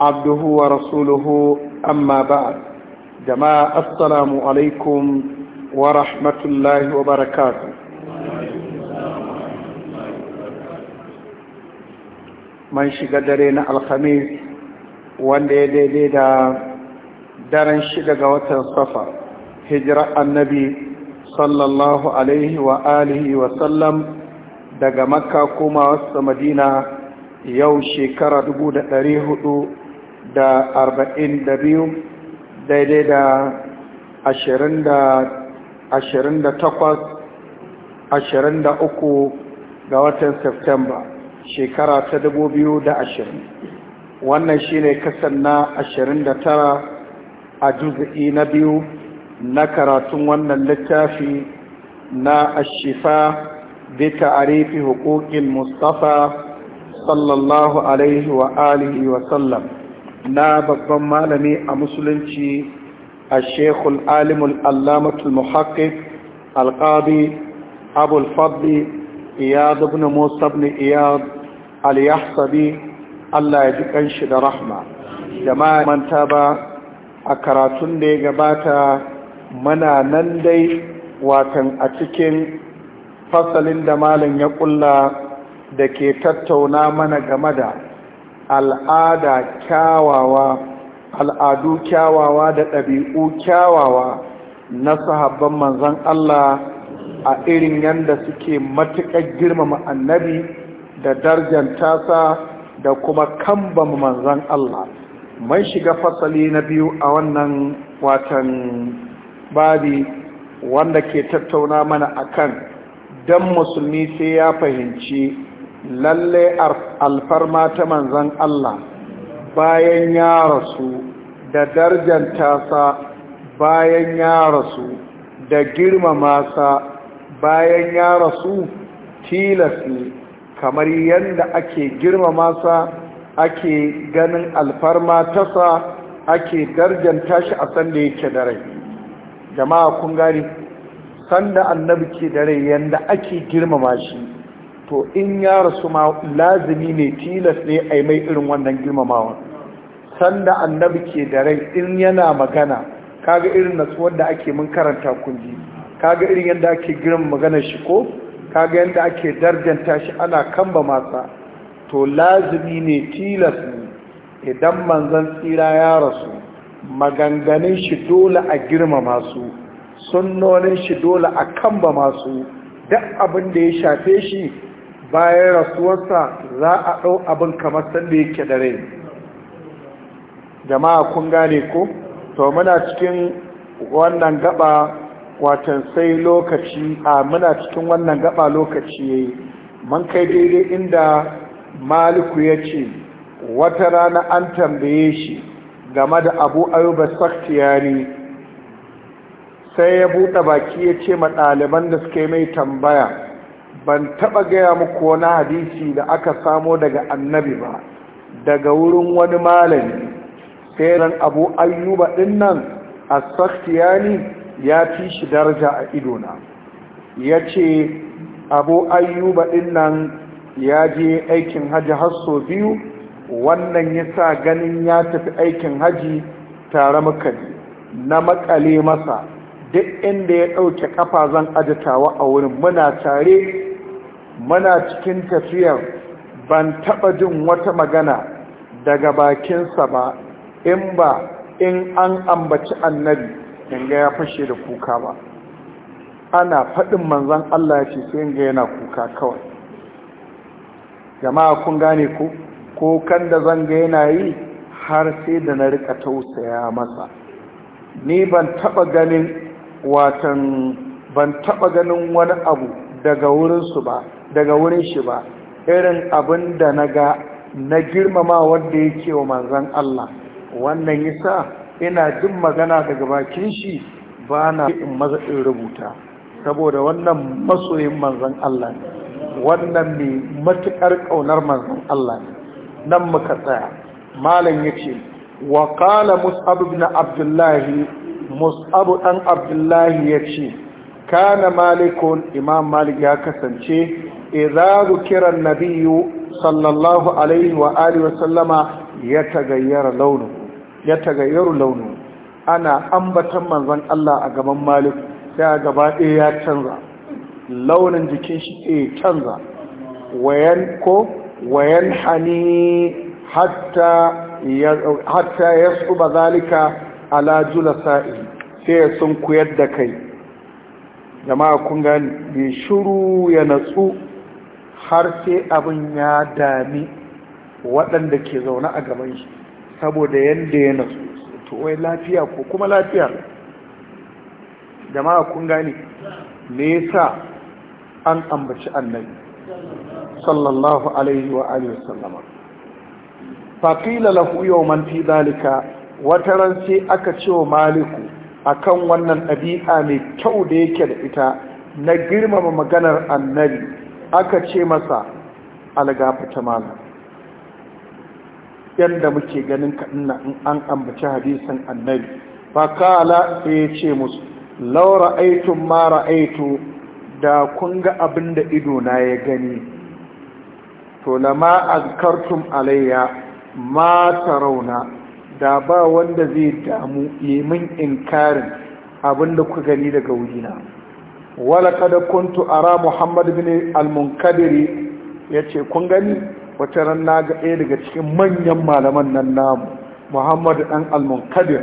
عبده ورسوله أما بعد جماعة السلام عليكم ورحمة الله وبركاته من شقدرين الخميس وان دي دي دي دا دارن شقق الصفر هجرة النبي sallallahu alaihi wa alihi wa sallam daga makka kuma wasu madina yau shekara hudu da arba'in da biyu daidai da ashirin da ashirin da takwas ashirin da uku ga watan Septemba shekara ta dubu biyu da ashirin wannan shi ne kasan na ashirin da tara a juzi na biyu na karatun wannan littafi na ashifa بتعريف حقوق sallallahu alaihi wa alihi wa sallam. na babban malami a musulunci a shekul alimul allamatul muhakkik alƙadi abul fadli iyad ibn musa iyad al Allah ya ji ƙanshi da rahma jama'a manta ba a karatun da ya gabata mana nan dai watan a cikin fasalin da malam ya ƙulla da ke tattauna mana game da al'ada kyawawa al'adu kyawawa da ɗabi'u kyawawa na sahabban manzan Allah a irin yadda suke matuƙar girmama annabi da darjan tasa da kuma kambam manzan Allah mai shiga fasali na biyu a wannan watan babi wanda ke tattauna mana akan dan musulmi sai ya fahimci lalle alfarma ta manzan Allah bayan ya rasu da darjanta sa bayan ya rasu da girmama sa bayan ya rasu tilasi kamar yadda ake girmama sa ake ganin alfarma ta sa ake darjanta shi a sanda yake da rai jama'a kun gani sanda annabi ke da rai yadda ake girmama shi to in ya rasu ma lazimi ne tilas ne a mai irin wannan girmamawa sanda annabi ke da rai in yana magana kaga irin natsuwar da ake mun karanta kunji kaga irin yadda ake girin magana shi ko kaga yadda ake darjanta shi ana kamba masa to lazimi ne tilas ne idan manzan tsira ya rasu maganganun shi dole a girmama su sunnonin shi dole a kamba masu duk abin da ya shafe shi bayan rasuwarsa za a ɗau abin kamar sanda yake da rai jama'a kun gane ko to muna cikin wannan gaba watan sai lokaci a muna cikin wannan gaba lokaci ya yi man kai daidai inda maliku ya ce wata rana an tambaye shi game da abu ayuba saktiyari sai ya buɗe baki ya ce ma ɗaliban da suka yi mai tambaya ban taɓa gaya muku wani hadisi da aka samo daga annabi ba daga wurin wani malami sai ran abu ayyuba ɗin nan a saktiyani ya fi shi daraja a idona ya ce abu ayyuba ɗin nan ya je aikin hajji har sau biyu wannan ya sa ganin ya tafi aikin hajji tare makali na makale masa duk inda ya ɗauke ƙafa zan ajatawa a wurin muna tare muna cikin tafiyar ban taɓa jin wata magana daga bakinsa ba in ba in an ambaci annabi inga ya fashe da kuka ba ana faɗin manzan Allah ya ce sai inga yana kuka kawai jama'a kun gane ku kokan da zanga yana yi har sai da na rika tausaya masa ni ban taɓa ganin watan ban taba ganin wani abu daga wurinsu ba daga wurin shi ba irin abin da na ga na girmama wanda yake wa manzan Allah wannan yasa ina jin magana daga bakin shi ba na in maza in rubuta saboda wannan masoyin manzan Allah ne wannan ne matuƙar ƙaunar manzan Allah ne nan muka tsaya malam ya ce wa ƙala musabu na abdullahi mus'abu ɗan abdullahi ya ce kana malikun imam malik ya kasance idza kiran Nabiyu sallallahu alaihi wa alihi wa ya tagayyara launu ya tagayyaru launu ana ambatan manzon Allah a gaban malik sai a gaba ɗaya ya canza launin jikin shi ya eh, canza wayan ko wayan hani hatta ya hatta yasuba zalika ala sa'in sai ya sun kuyar da kai jama'a kun gani bai shiru ya natsu har sai abin ya dami waɗanda ke zaune a gaban shi saboda yadda ya natsu to wai lafiya ko kuma lafiya jama'a kun gani me yasa an ambaci annabi sallallahu alaihi wa alihi wasallama faqila lahu yawman fi wata ran aka ce wa maliku akan wannan ɗabi'a mai kyau da yake da ita na girmama maganar annabi aka ce masa algafata malam yadda muke ganin kaɗina in an ambaci hadisan annabi fakala sai ya ce musu laura aitun mara aitu da kun ga abin da idona ya gani to lama kartun alayya ma ta rauna. da ba wanda zai damu yamin inkarin abinda kuka gani daga wurina wala kada kuntu ara muhammad bin al-munkadiri yace kun gani wata ran na ga ɗaya daga cikin manyan malaman nan namu muhammad dan al-munkadir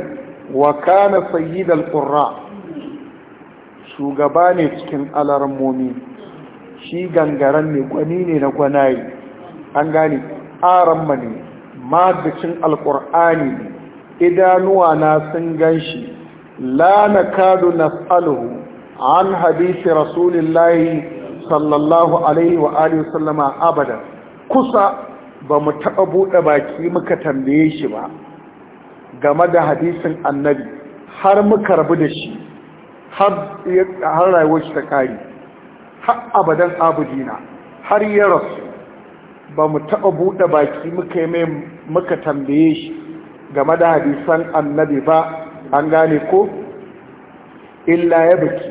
wa kana sayyid al-qurra shugaba ne cikin alarmomi shi gangaren ne gwani ne na gwanaye an gane aran ne madacin alkur'ani idanuwa na sun ganshi la na tsaluhu an hadisi layi sallallahu alaihi wa alihi sallama abada kusa ba mu taɓa buɗe baki muka tambaye shi ba game da hadisin annabi har muka rabu da shi har rayuwar shi ta ƙari har abadan abu dina, har ya rasu ba mu taɓa buɗe baki muka yi mai muka tambaye shi game da hadisan annabi ba an gane ko illa ya baki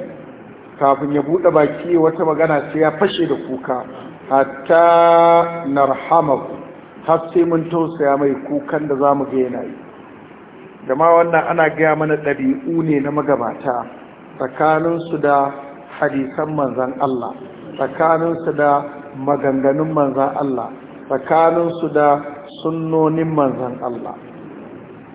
kafin ya buɗe baki wata magana sai ya fashe da kuka hatta narhamaku har sai mun tausaya mai kukan da za mu ga yi wannan ana gaya mana ɗabi'u ne na magabata tsakaninsu da hadisan manzan Allah tsakaninsu da maganganun manzan Allah tsakaninsu da sunnonin manzan Allah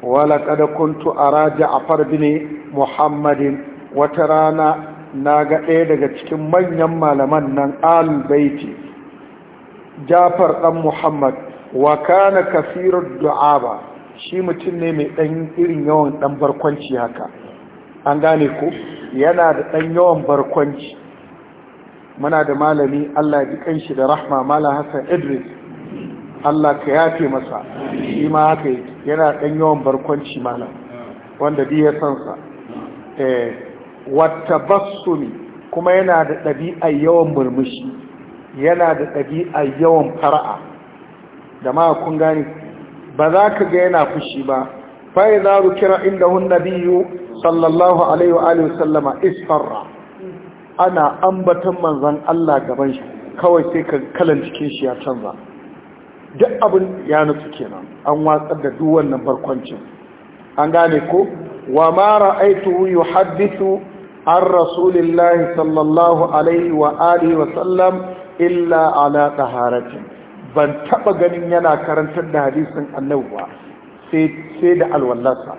wala kada kuntu a raja a ne muhammadin wata rana na ga ɗaya daga cikin manyan malaman nan albaiti jafar ɗan muhammad wa kana kafirar du'a ba shi mutum ne mai ɗan irin yawan ɗan barkwanci haka an gane ku yana da ɗan yawan barkwanci muna da malami Allah ya kan shi da rahma mala Hassan Idris Allah ka yafe masa shi ma haka yana ɗan yawan barkwanci mala wanda bi ya sansa eh wata basumi kuma yana da ɗabi'a yawan murmushi yana da ɗabi'a yawan fara'a da ma kun gane ba za ka ga yana fushi ba fa idza kira inda hun nabiyyu sallallahu alaihi wa alihi wasallama isfarra ana ambatan manzan Allah gaban shi kawai sai ka kalan cikin shi ya canza duk abin ya nutsu kenan an watsar da duk wannan barkwancin an gane ko wa ma ra'aytuhu yuhaddithu an rasulillahi sallallahu alaihi wa alihi wa sallam illa ala taharatin ban taba ganin yana karantar da hadisin annabi ba sai sai da alwallasa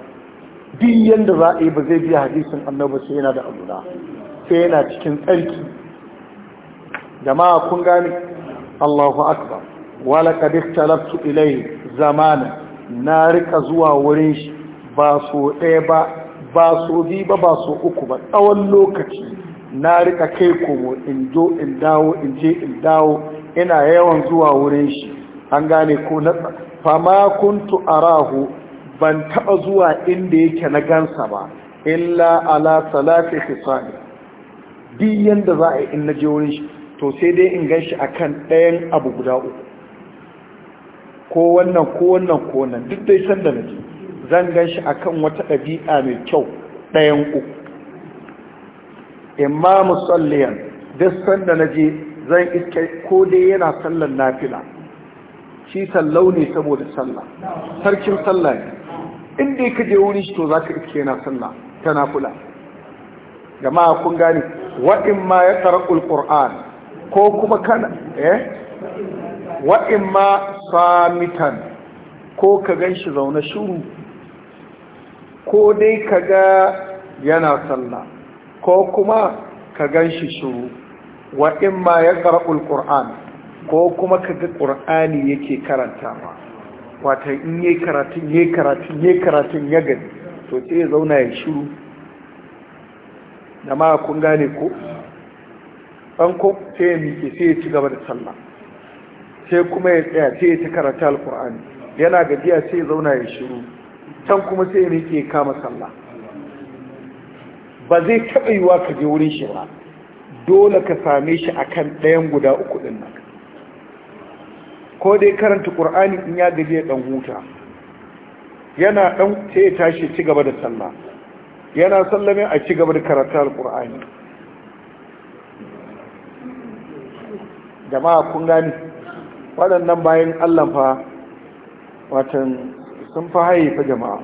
duk yanda za a ba zai biya hadisin annabi sai yana da alwala sai yana cikin tsarki jama'a kun gane Allahu akbar wala qad ikhtalaftu ilayhi zamana na rika zuwa wurin shi ba so ɗaya ba ba so biyu ba ba so uku ba tsawon lokaci na rika kai komo in jo in dawo in je in dawo ina yawan zuwa wurin shi an gane ko na fama kuntu arahu ban taba zuwa inda yake na gansa ba illa ala salati hisani duk yanda za a yi in na je wurin shi to sai dai in gan shi akan ɗayan abu guda uku ko wannan ko wannan ko wannan duk dai sanda na je zan gan shi akan wata ɗabi'a mai kyau ɗayan uku imma musalliyan duk sanda na je zan iske ko dai yana sallar nafila shi sallau ne saboda sallah sarkin sallah ne inda ka je wurin shi to za ka iske yana sallah ta nafila jama'a kun gane wa'in ma ya tarakul qur'an ko kuma kana eh wa'in ma samitan ko ka gan shi zaune shuru ko dai ka ga yana sallah ko kuma ka gan shi shuru wa'in ma ya tarakul qur'an ko kuma ka ga ƙur'ani yake karantawa wata in yi karatun yi karatun yi karatun ya gani to sai ya zauna ya shuru ma kun gane ko ko sai ya miƙe sai ya ci gaba da sallah sai kuma ya tsaya sai ya ta karanta yana gajiya sai ya zauna ya shiru can kuma sai ya miƙe kama sallah ba zai taɓa yiwa ka je wurin shi ba dole ka same shi akan ɗayan guda uku ɗin nan ko dai karanta ƙur'ani in ya gaji ya ɗan huta yana ɗan sai ya tashi ci gaba da sallah yana sallame a ci gaba da karatu alkur'ani jama'a kun gani waɗannan bayan allah fa watan sun fa haye fa jama'a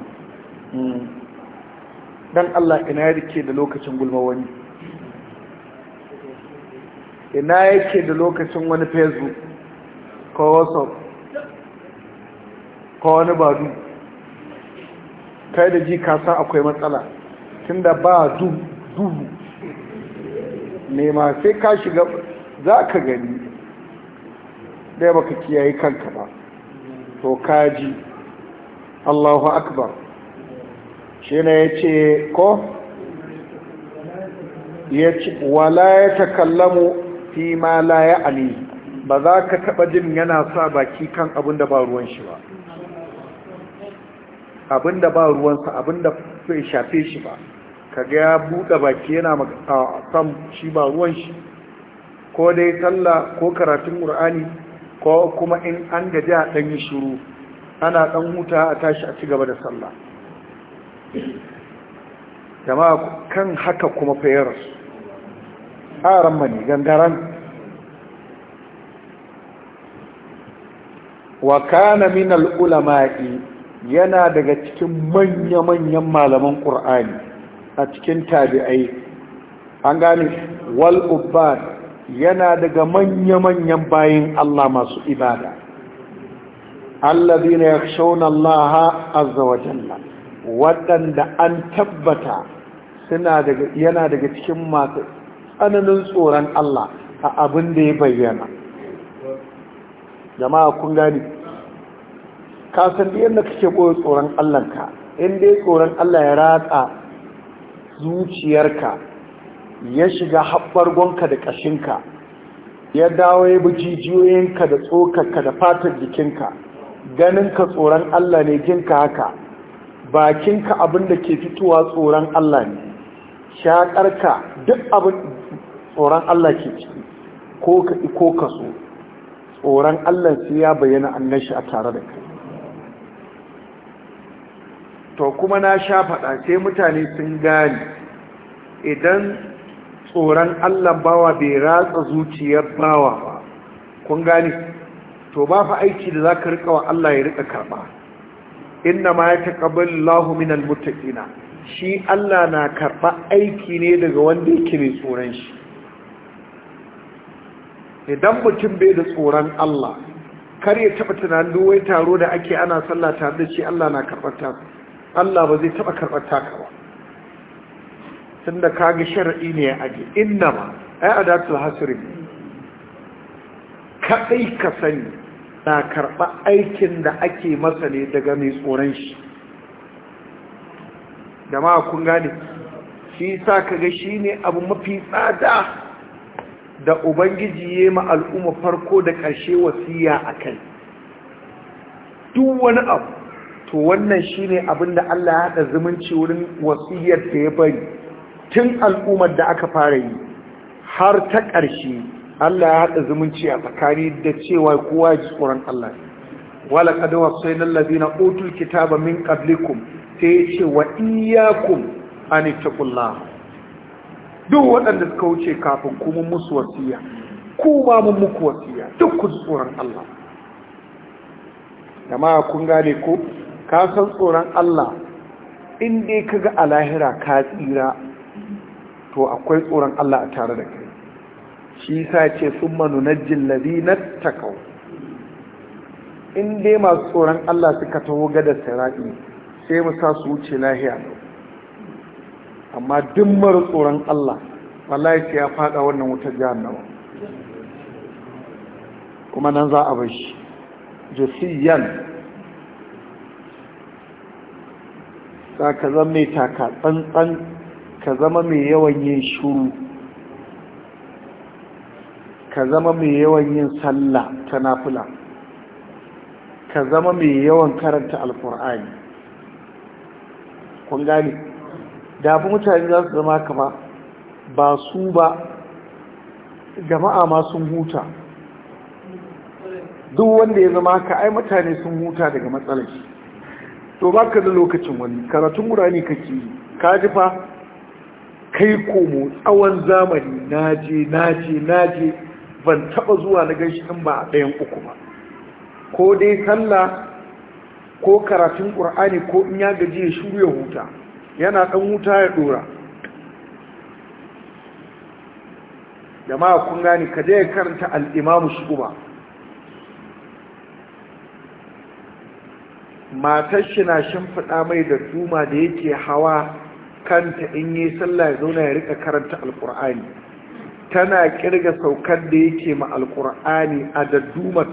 hmm. dan allah ina yake da lokacin gulma wani ina yake da lokacin wani facebook ko whatsapp ko wani badu kai da ji kasa akwai matsala tunda ba duhu nema sai ka shiga za ka gani ɗaya baka kiyaye kanka ba to kaji allahu akbar shi na ya ce ko ya ce wala ya mu fi ma la ya ali ba za ka taɓa jin yana sa baki kan abin da ba ruwan shi ba abin da ba ruwansa abin da bai shafe shi ba kaga ya buɗe baki yana a sam shi ba ruwan shi ko dai sallah ko karatun qur'ani ko kuma in an gaji a ɗan yi shiru ana ɗan huta a tashi a ci gaba da sallah jama'a kan haka kuma fayar tsaran mani gangaren wa kana min al'ulama'i yana daga cikin manya-manyan malaman ƙur'ani a cikin tabi'ai an gane wal ubbad yana daga manya-manyan bayin Allah masu ibada ya yakhshawna Allah azza wa jalla waɗanda an tabbata suna daga yana daga cikin masu tsananin tsoron Allah a abin da ya bayyana jama'a kun gani ka san yadda kake ɓoye tsoron Allah ka in dai tsoron Allah ya ratsa zuciyarka ya shiga haɓɓargonka da ƙashinka ya dawo ya bujijiyoyinka da tsokarka da fatar jikinka ganinka tsoron Allah ne jinka haka bakinka abinda ke fitowa tsoron Allah ne shaƙarka duk abin tsoron Allah ke ciki ko ka so tsoron Allah sai ya bayyana annashi a tare da kai to kuma na sha faɗa sai mutane sun gani idan tsoron allah bawa bai ratsa zuciyar bawa ba kun gani to ba fa aiki da za ka riƙa wa allah ya riƙa karɓa inna ma ya taƙabbal lahu min shi allah na karɓa aiki ne daga wanda yake mai tsoron shi idan mutum bai da tsoron allah kar ya taɓa tunanin wai taro da ake ana sallah tare da shi allah na karɓar ta Allah ba zai taɓa karɓar taka ba tun da kaga shara'i ne ya aje inna ma ai adatul hasirin kaɗai ka sani na karɓa aikin da ake masa ne daga mai tsoron shi da ma kun gane shi sa ga shi ne abu mafi tsada da ubangiji ya ma al'umma farko da ƙarshe wasiya a kai duk wani abu to wannan shi ne abinda Allah ya haɗa zumunci wurin wasiyar da ya bari tun al'ummar da aka fara yi har ta ƙarshe Allah ya haɗa zumunci a tsakani da cewa kowa ji tsoron Allah wala qad na otu kita ba min ta sai ce wa iyyakum an taqullah duk waɗanda suka wuce kafin kuma musu wasiya ku ba mun muku wasiya duk ku tsoron Allah jama'a kun gane ko ka san tsoron Allah inda ka ga a lahira ka tsira to akwai tsoron Allah a tare da kai shi sa ce sun manu na jillabi na takau inda dai masu tsoron Allah suka taho gada sarari sai mu su wuce lahiya amma duk mara tsoron Allah wallahi sai ya fada wannan wutar jahannama kuma nan za a bar shi za ka zama mai taka tsantsan ka zama mai yawan yin shuru ka zama mai yawan yin sallah ta nafula ka zama mai yawan karanta alkur'ani kun gani da fi mutane za su zama kama ba su ba jama'a ma sun huta duk wanda ya zama ka ai mutane sun huta daga matsalashi to ka da lokacin wani karatun murani kake yi ka ji fa kai komo tsawon zamani naje naje naje ban taba zuwa na ganshi din ba a ɗayan uku ba ko dai sallah ko karatun qur'ani ko in ya gaji ya shuru ya huta yana dan huta ya dora jama'a kun gani ka je karanta al-imamu shuba matar shi na shimfiɗa mai da tuma da yake hawa kanta in yi sallah ya zauna ya rika karanta alkur'ani tana kirga saukar da yake ma alkur'ani a daddumar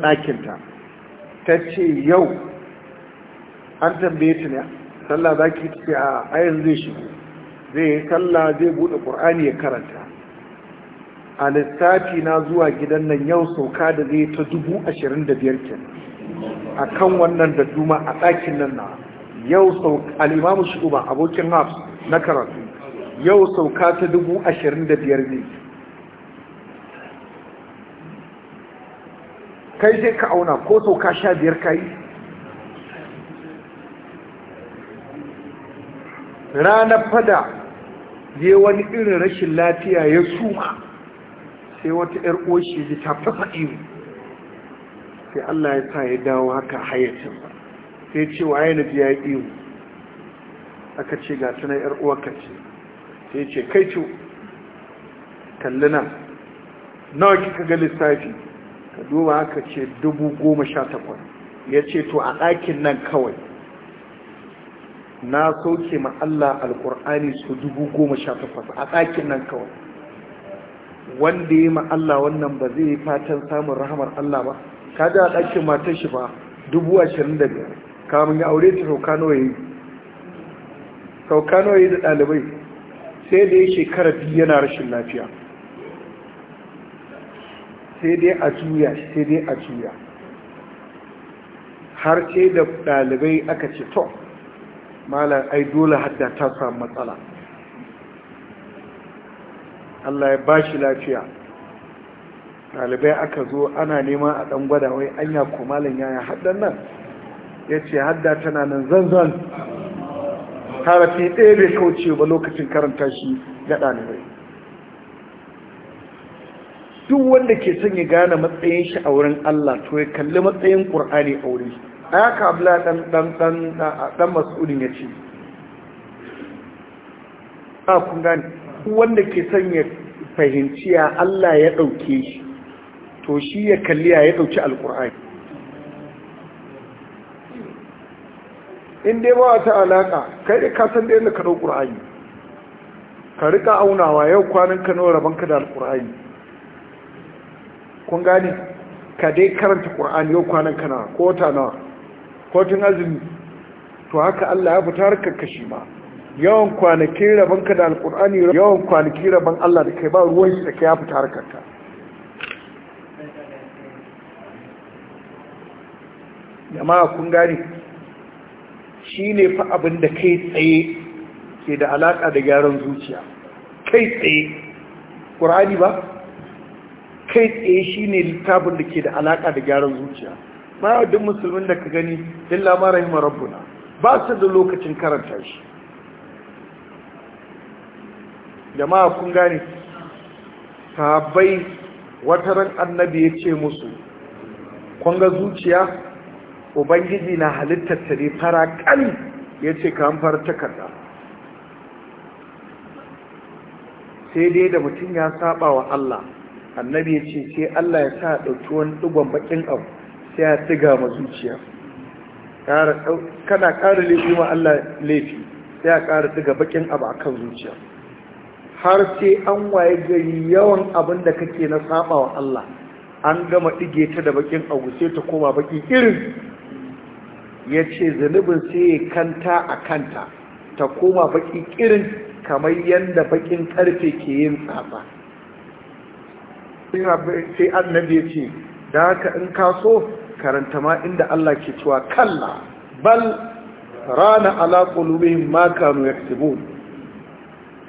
ɗakinta ta ce yau an tambaye ta ne sallah za ki ce a ayin zai shigo zai yi sallah zai buɗe ƙur'ani ya karanta a lissafi na zuwa gidan nan yau sauka da zai ta dubu ashirin da biyar kenan a kan wannan da duma a ɗakin nan na yau sau alimamu shuba abokin hafs na karatu yau sauka ta dubu ashirin da biyar ne kai sai ka auna ko sauka sha biyar ka ranar fada ne wani irin rashin lafiya ya suma sai wata 'yar oshi ta fasa iru sai Allah ya sa ya dawo haka hayyacinsa sai ce wa ya nufi ya iyo aka ce ga tunan yar uwarka ce sai ce kai ce kalli nan nawa kika ga lissafi ka duba aka ce dubu goma sha takwas ya ce to a ɗakin nan kawai na soke ma Allah alƙur'ani su dubu goma sha takwas a ɗakin nan kawai wanda ya ma Allah wannan ba zai fatan samun rahamar Allah ba ka da ɗakin matar shi ba dubu ashirin da biyar kamun ya aure ta sauka nawa yi yi da ɗalibai sai da ya shekara biyu yana rashin lafiya sai dai a juya sai dai a juya har ce da ɗalibai aka ce to malar ai dole hadda ta samu matsala Allah ya ba shi lafiya ɗalibai aka zo ana nema a ɗan gwada wai anya ko malam yaya haddan nan ya ce hadda tana nan zanzan harafi ɗaya bai kauce ba lokacin karanta shi ga ɗalibai duk wanda ke son ya gane matsayin shi a wurin Allah to ya kalli matsayin ƙur'ani a wuri a ya kabla ɗan mas'udin ya ce a ah, kun gane wanda ke son ya fahimci ya Allah ya ɗauke shi to shi ya kalli ya dauki alƙur'ani in dai ba wata alaƙa kai ka san da yadda ka ɗau ƙur'ani ka rika aunawa yau kwanan ka nawa rabonka da alƙur'ani kun gane ka dai karanta ƙur'ani yau kwanan ka nawa ko wata nawa ko tun azumi to haka Allah ya fita harkar kashi ma yawan kwanaki rabanka da alƙur'ani yawan kwanaki rabon Allah da kai ba ruwan shi da kai ya fita harkar ka jama'a kun gane shi ne fa abin da kai tsaye ke da alaƙa da gyaran zuciya kai tsaye ƙur'ani ba kai tsaye shi ne littafin da ke da alaƙa da gyaran zuciya ma duk musulmin da ka gani illa ma rahimar rabbuna ba su da lokacin karanta shi jama'a kun gane sahabbai wataran annabi ya ce musu kwanga zuciya ubangiji na halittar ta ne fara ƙari, ya ce kamfar takarda sai dai da mutum ya saba wa Allah annabi ya ce sai Allah ya sa ɗauki wani ɗigon bakin abu sai ya tsiga ma zuciya kana ƙara laifi ma Allah laifi sai ya ƙara tsiga bakin abu akan zuciya har sai an waye gari yawan abin da kake na saba wa Allah an gama ɗige ta da bakin abu sai ta koma baki irin ya ce zunubin sai ya kanta a kanta ta koma baki kirin kamar yadda bakin karfe ke yin tsafa. sai annabi ya ce da haka in kaso karanta ma inda Allah ke cewa kalla bal rana ala qulubihim ma kanu yaktubun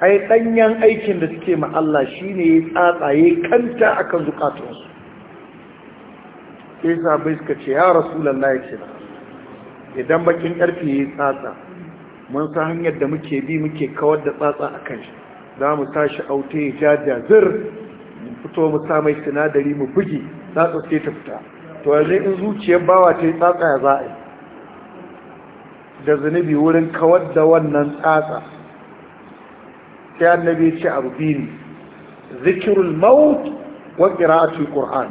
ai danyen aikin da suke ma Allah shine ya tsatsaye kanta akan zukatunsu sai sabai suka ce ya rasulullahi sallallahu alaihi wasallam idan bakin ƙarfe ya yi tsatsa mun sa hanyar da muke bi muke kawar da tsatsa a kan shi za mu tashi aute ya ja jazir mu fito mu sa mai sinadari mu bugi tsatsa sai ta fita to yanzu in zuciyar bawa ta yi tsatsa ya za da zunubi wurin kawar da wannan tsatsa sai annabi ya ce abu biyu zikirul maut wa qira'atul qur'an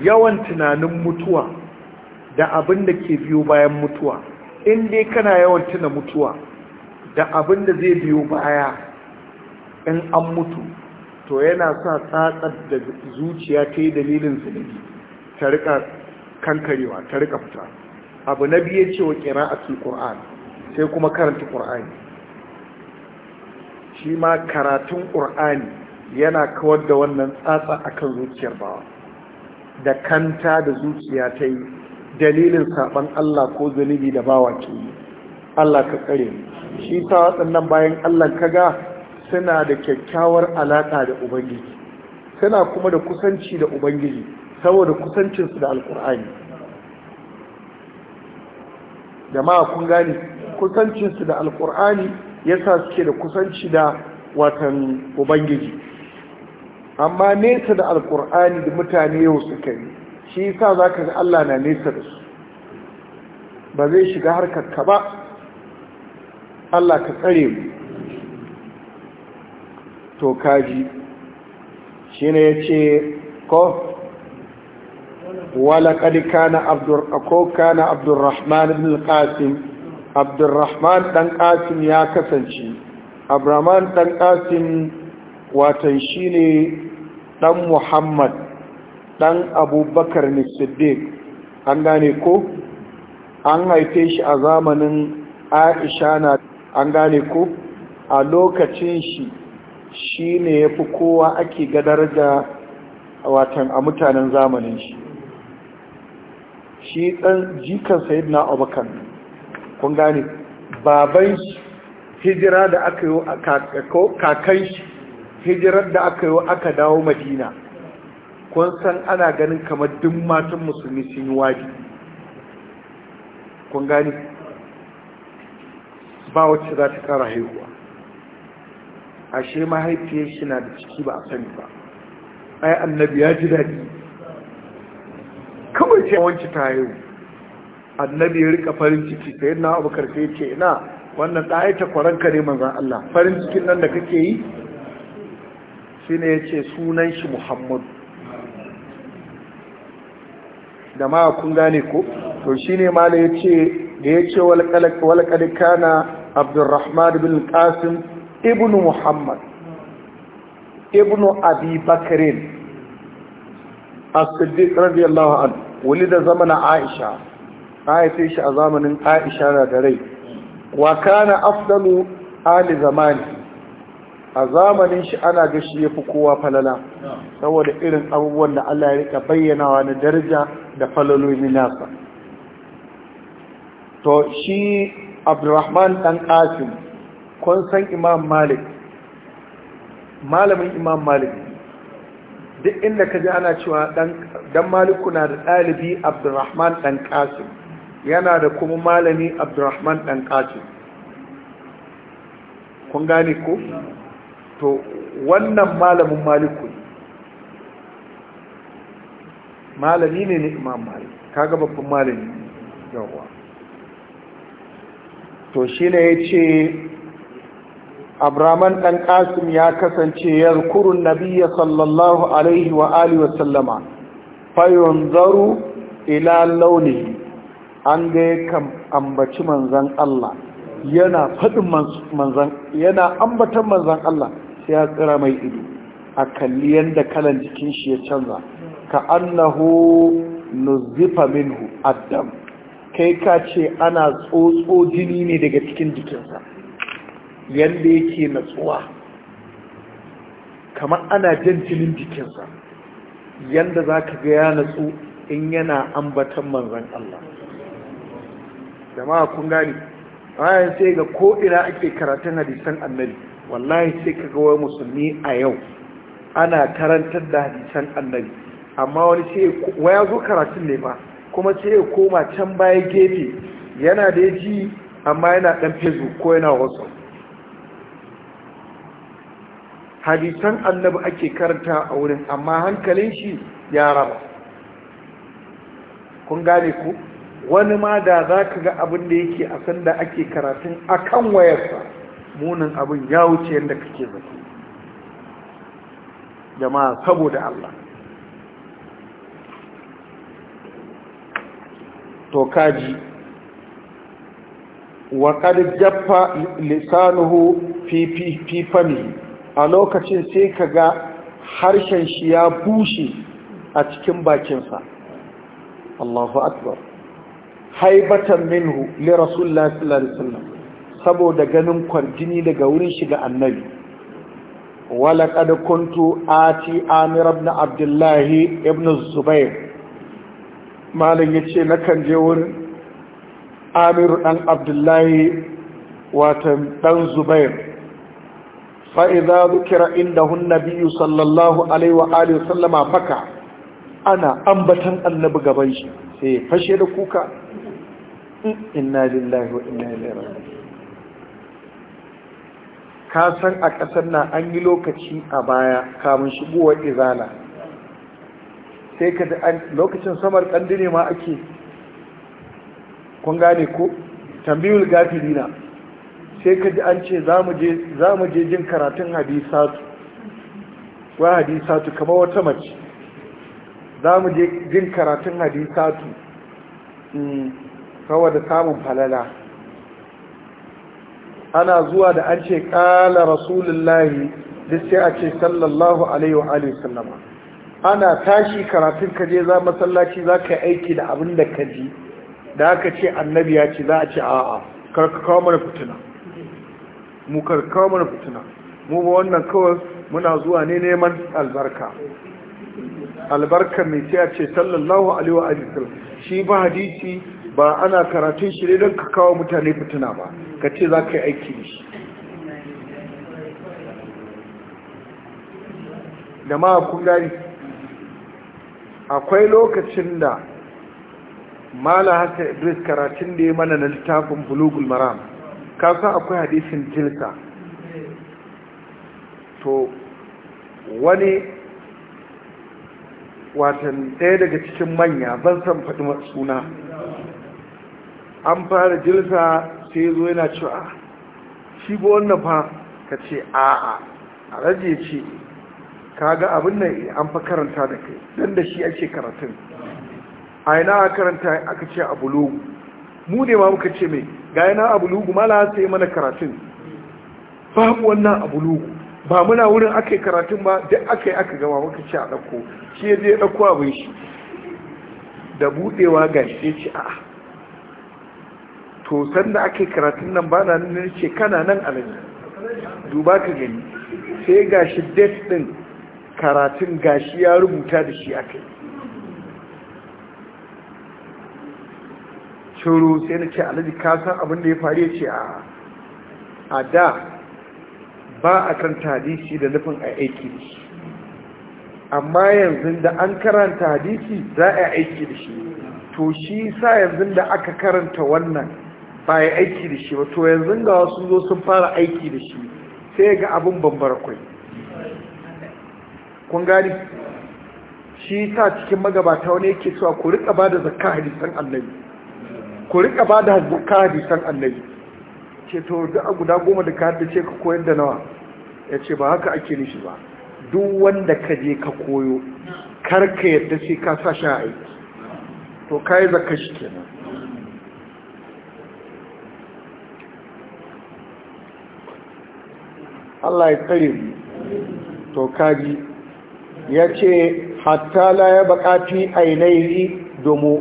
yawan tunanin mutuwa da abin da ke biyo bayan mutuwa in dai kana yawan tuna mutuwa da abin da zai biyo baya in an mutu to yana sa tsatsar da zuciya ta yi dalilin zunubi ta rika kankarewa ta rika fita abu na biye cewa kira a cikin sai kuma karanta ƙur'ani shi ma karatun ƙur'ani yana kawar da wannan tsatsa akan zuciyar bawa da kanta da zuciya ta yi dalilin saɓan Allah ko zunubi da bawa ke yi Allah ka tsare shi ta waɗannan bayan Allah kaga suna da kyakkyawar alaƙa da ubangiji suna kuma da kusanci da ubangiji saboda kusancinsu da alkur'ani jama'a kun gani kusancinsu da ya yasa suke da kusanci da watan ubangiji amma nesa da Alƙur'ani da mutane yau suka yi shi sa za ka Allah na nesa da su ba zai shiga harkar ka ba Allah ka tsare mu to kaji shi ne ya ce ko wala ƙadika na abdurrakoka na abdurrahman ibn abdurrahman ya kasance abraman ɗan ƙasim watan shi ne ɗan muhammad Dan abubakar ne siddiq an gane ko an haife shi a zamanin aisha na an gane ko a lokacin shi shi ne ya fi kowa ake gadar da watan a mutanen zamanin shi shi ɗan jikan sayid na abubakar kun gane baban shi hijira da aka yi kakai shi hijirar da aka yi aka dawo madina kun san ana ganin kamar duk matan musulmi sun yi waji kun gani ba wacce za ta kara haihuwa ashe mahaifiyar shi na da ciki ba a sani ba ai annabi ya ji daɗi kawai ce wancan ta haihu annabi ya rika farin ciki sai na abu karfe ce ina wannan ɗaya ta kwaranka ne manzan Allah farin cikin nan da kake yi shi ne ya ce sunan shi muhammadu da ma kun gane ko to shine mala yace da yace wal qalaq wal qad kana abdurrahman bin qasim ibnu muhammad ibnu abi bakrin as-siddiq radiyallahu anhu Aisha. زمن عائشه shi a zamanin aisha da rai wa kana afdalu ali zamani a zamanin shi ana ga shi ya fi kowa falala saboda irin abubuwan da Allah ya rika bayyanawa na daraja da falalomi nasa to shi abdurrahman dan qasim kun san imam malik malamin imam malik duk inda kaji ana cewa dan maliku na da dalibi abdurrahman dan qasim yana da kuma malami abdurrahman dan qasim kun gane ko to wannan malamin maliku ne malami ne ne imam malik kaga babban malami yawa to shi ne ya ce abraman ɗan ƙasim ya kasance ya kurun nabiya sallallahu alaihi wa alihi wa sallama fayon zaru ila launihi an ga yakan ambaci manzan Allah yana faɗin manzan yana ambatan manzan Allah sai ya tsira mai ido a kalli yadda kalan jikin shi ya canza ka annahu nuzifa minhu addam kai ka ce ana tsotso jini ne daga cikin jikinsa yadda yake natsuwa kamar ana jan jinin jikinsa yadda za ka ga ya natsu in yana ambatan manzan Allah jama'a kun gani bayan sai ga ko'ina ake karatun hadisan annabi wallahi sai ka ga wai musulmi a yau ana karantar da hadisan annabi amma wani sai waya zo karatun ne ba kuma sai ya koma can baya gefe yana da ji amma yana dan facebook ko yana wasu hadisan annabi ake karanta a wurin amma hankalin shi ya raba kun gane ku wani ma da za ka ga abin da yake a sanda ake karatun akan wayarsa munin abin ya wuce yadda kake zaki jama'a saboda Allah to kaji wa kad jaffa lisanuhu fi fi fi fami a lokacin sai kaga harshen shi ya bushe a cikin bakinsa Allahu akbar haibatan minhu li rasulillahi sallallahu alaihi wasallam saboda ganin kwarjini daga wurin shiga annabi wala kad kuntu ati amir ibn abdullah ibn zubair malin yace nakan je wurin amir dan abdullah watan dan zubair fa idza dhukira indahu an-nabiy sallallahu alaihi wa alihi sallama faka ana ambatan annabi gaban shi sai fashe da kuka inna lillahi wa inna ilaihi raji'un ka san a ƙasar na an yi lokaci a baya kamun shigowar izala sai ka da lokacin samar ƙandine ma ake kun gane ko tambiyul gafilina sai ka ji an ce za mu je jin karatun hadisatu wa hadisatu kama wata mace za mu je jin karatun hadisatu kawai hmm, da samun falala ana zuwa da an ce ƙala rasulullahi duk sai a ce sallallahu alaihi wa alihi sallama ana tashi karatun ka je za masallaci za ka aiki da abin da ka ji da aka ce annabi ya ce za a ce a'a karkakawa mana fitina mu karkakawa mana fitina mu ba wannan kawai muna zuwa ne neman albarka albarka mai sai a ce sallallahu alaihi wa alihi sallama shi ba hadisi ba ana karatun shi ne don ka kawo mutane fitina ba ka ce za ka yi aiki da shi da ma kun gani akwai lokacin da mala haka idris karatun da ya mana na littafin bulugul maram kasa akwai hadisin jilsa to wani watan ɗaya daga cikin manya ban san faɗi suna an fara jilsa sai zo yana cewa ah, shi bu wannan fa ka ce a'a a raje ce Ka ga abin nan an fa karanta da kai dan da shi ake karatun a ina a karanta aka ce a bulogu? mu ne ma muka ce mai ga yana a bulogu? mala sai mana karatun babu wannan a bulogu. ba muna wurin aka yi karatun ba duk aka yi aka gama muka ce a ɗauko shi ya je ɗauko abin shi da buɗewa ga shi ce a'a to da ake karatun nan ba na nan ce kana nan alaji duba ka gani sai gashi date din karatun gashi ya rubuta da shi akai shuru sai na ce alaji ka abin da ya faru ya ce a da ba a kan tadisi da nufin a aiki da shi amma yanzu da an karanta hadisi za a yi aiki da shi to shi sa yanzu da aka karanta wannan ba ya aiki da shi ba to yanzu ga sun zo sun fara aiki da shi sai ga abin bambara kwai kun gani shi ta cikin magabata wani yake cewa ku rika ba da zakka hadisan annabi ku rika ba da zakka hadisan annabi ce to duk a guda goma da ka haddace ka koyar da nawa ya ce ba haka ake nishi ba duk wanda ka je ka koyo kar ka yadda sai ka sa shi aiki to ka yi zakka shi kenan Allah ya tsare mu to kaji ya ce hatta la ya bakafi ainihi domo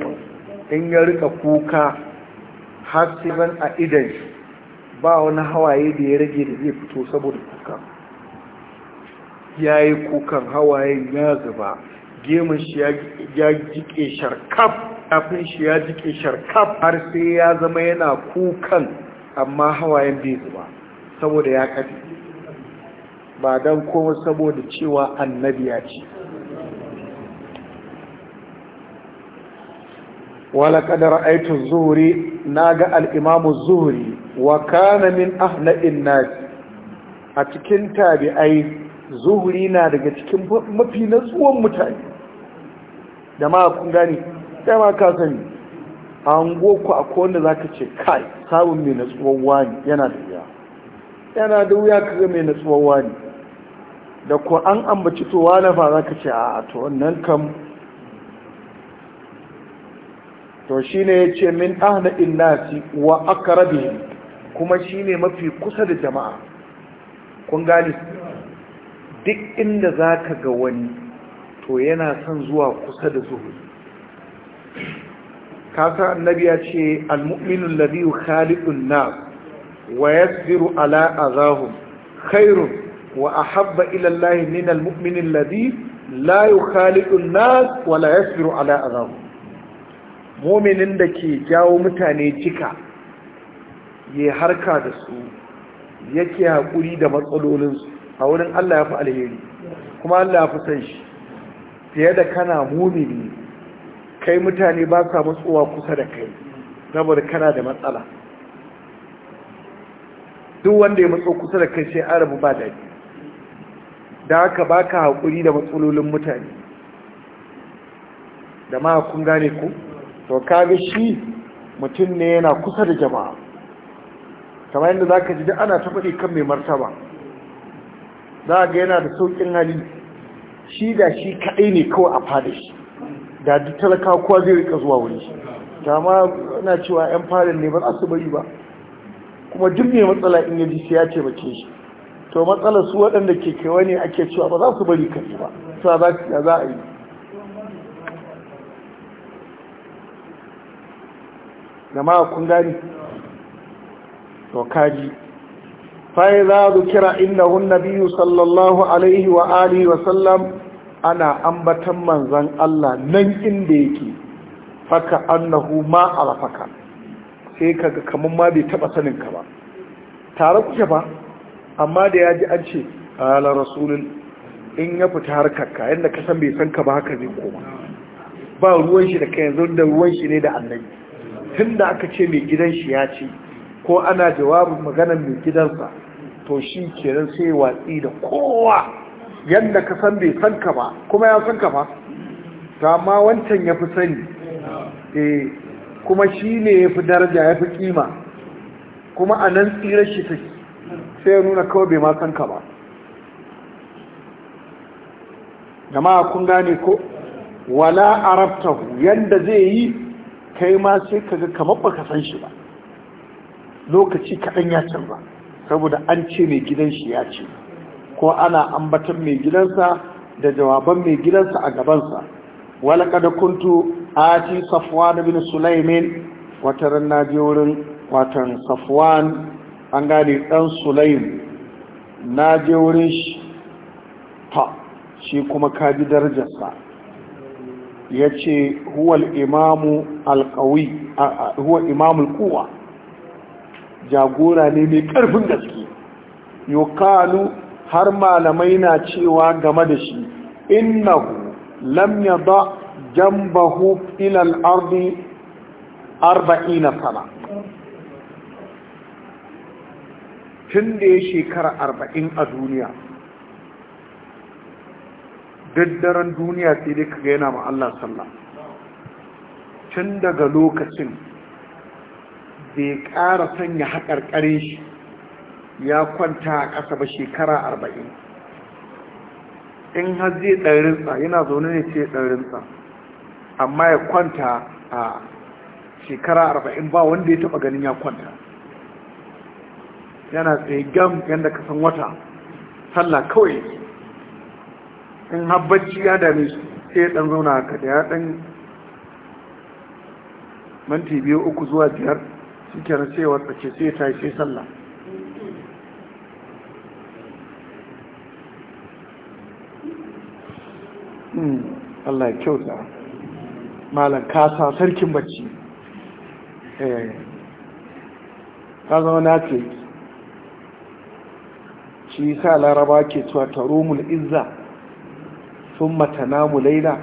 in ya rika kuka har siban a idan ba wani hawaye da ya rage da zai fito saboda kuka ya yi kukan hawayen ya zuba gemun shi ya jike sharkaf kafin shi ya jike sharkaf har sai ya zama yana kukan amma hawayen bai zuba saboda ya kafi ba don kuma saboda cewa annabiya ce wala kadara aitu zuhuri na ga al'imamu zuhuri wa kana min ahla'in nasi a cikin tabi'ai zuhuri na daga cikin mafi natsuwan mutane da ma kun gani ma ka sani an goku a kowanne za ka ce kai sabon mai tsuwon wani yana da wuya yana da wuya ka ga mai tsuwon wani da ko an ambaci to na fa ka ce a to wannan kam to shi ne ya ce min ahna innasi wa akarabi kuma shi ne mafi kusa da jama'a kun gani duk inda za ka ga wani to yana son zuwa kusa da zuhuri kasa annabi ya ce almu'minun labiyu khalidun nas wa yasbiru ala azahum khairun Wa وأحب إلى الله layu Khalidun Nas, لا يخالق ala ولا Muminin da ke jawo mutane cika ya harka da su yake hakuri da matsalolinsu a wurin Allah ya fi alheri kuma Allah ya fi san shi fiye da kana mumini kai mutane ba sa matsuwa kusa da kai saboda kana da matsala duk wanda ya matso kusa da kai sai arabu ba daɗi da haka ba ka haƙuri da matsalolin mutane da ma kun gane ku to kaga shi mutum ne yana kusa da jama'a kamar yadda za ka ji da ana taɓaɗi kan mai martaba za ga yana da sauƙin hali shi da shi kaɗai ne kawai a fada shi da duk talaka kuwa zai rika zuwa wuri shi ta ma na cewa 'yan fadar ne ba za su bari ba kuma duk mai matsala in yaji sai ya ce bace shi to matsalar su waɗanda ke kewa ne ake cewa ba za su bari kare ba sa za su za a yi gama kun gani to kaji fai za su kira inda hun nabiyu sallallahu alaihi wa alihi wa sallam ana ambatan manzan Allah nan inda yake faka annahu ma arafaka sai kaga kaman ma bai taba sanin ka ba tare kuke ba amma da ya ji an ce ala rasulun in ya fita harkar ka yadda ka san bai san ka ba haka zai koma ba ruwan shi da kai yanzu da ruwan shi ne da annabi tun da aka ce mai gidan shi ya ce ko ana jawabin maganar mai gidansa to shi kenan sai watsi da kowa yadda ka san bai san ka ba kuma ya san ka ba ta ma wancan ya fi sani eh kuma shi ne ya fi daraja ya fi kima kuma a nan tsirar shi take sai ya nuna kawai bai masan ka ba jama'a kun gane ko wala arabtahu Yadda zai yi kai ma sai ka ga kamar ka san shi ba lokaci kaɗan ya canza saboda an ce mai gidan shi ya ce ko ana ambatan mai gidansa da jawaban mai gidansa a gabansa wala kada kuntu ati da bin sulaimin wata ran na wurin watan safuwan. an gane ɗan sulaim na je wurin shi ta shi kuma kaji darajarsa ya ce huwal imamu alkawi huwal jagora ne mai ƙarfin gaske yukalu har malamai na cewa game da shi innahu lamya ba jambahu ila al-ardi arba'ina sana tun da ya shekara arba'in a duniya daddaren duniya sai dai ka yana ma Allah sallah tun daga lokacin bai ƙara sanya haƙarƙarin shi ya kwanta a ƙasa ba shekara arba'in in har zai ɗarinsa yana zaune ne ce ɗarinsa amma ya kwanta a shekara arba'in ba wanda ya taɓa ganin ya kwanta yana tsaye gam yadda ka san wata sallah kawai in habbaci ya dame su sai dan zauna haka da ya dan minti biyu uku zuwa biyar su ke na cewa ce sai ta sai sallah hmm, Allah ya kyauta malam kasa sarkin bacci eh ka zama na ce shi sa laraba ke cewa tarumul izza sun mata namu, laila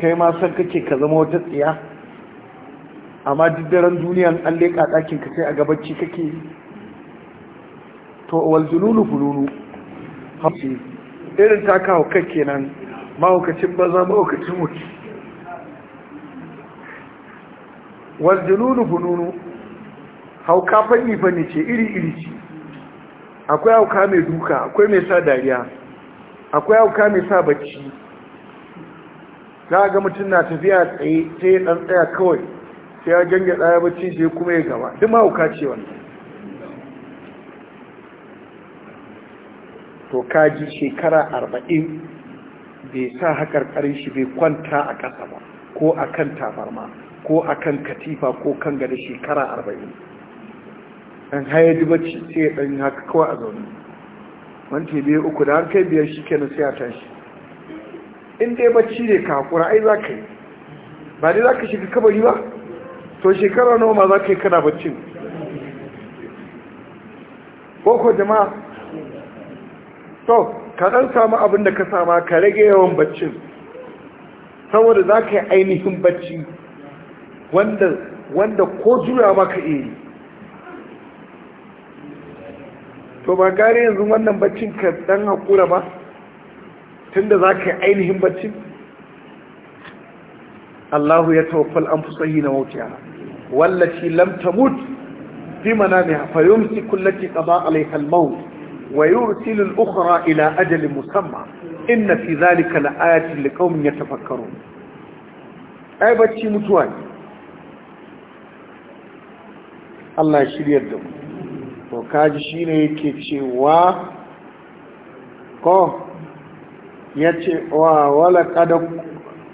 kai ma san kake ka zama wata tsiya amma duk daren duniyan an leƙa ɗakin ka sai a gabaci kake to wal zululu fululu hafi irin ta kawo kai kenan mahaukacin baza mahaukacin wuce wal zululu fululu hauka fanni fanni ce iri iri ce akwai auka mai duka akwai mai sa dariya akwai auka mai sa bacci za ga mutum na tafiya tsaye ta yi ɗan tsaya kawai sai ya ganga tsaya bacci sai kuma ya gaba duk mahauka ce wannan to kaji shekara arba'in bai sa haƙarƙarin shi bai kwanta a ƙasa ba ko a kan tabarma ko a kan katifa ko kan gada shekara arba'in dan haye bacci sai ya dan haka kawai a zaune wanti biyu uku da har kai biyar shi ke na siya tashi in dai bacci ne ka hakura ai za ka yi ba dai za ka shiga kabari ba to shekara nawa ma za ka yi kana baccin ko jama'a to ka ɗan samu abin da ka sama ka rage yawan baccin saboda za ka yi ainihin bacci wanda ko jura maka iya yi to ba gare yanzu wannan baccin ka dan haƙura ba tunda za ka yi ainihin baccin Allahu ya tawaffal an fusahi na mautiya wallaci lam tamut fi manamiha fa yumsiku allati qada alaiha al-maut wa yursilu al-ukhra ila ajalin musamma inna fi dhalika la'ayatin liqaumin yatafakkarun ai bacci mutuwa ne Allah ya shiryar da mu to kaji shi ne yake cewa ko ya ce wa wala kada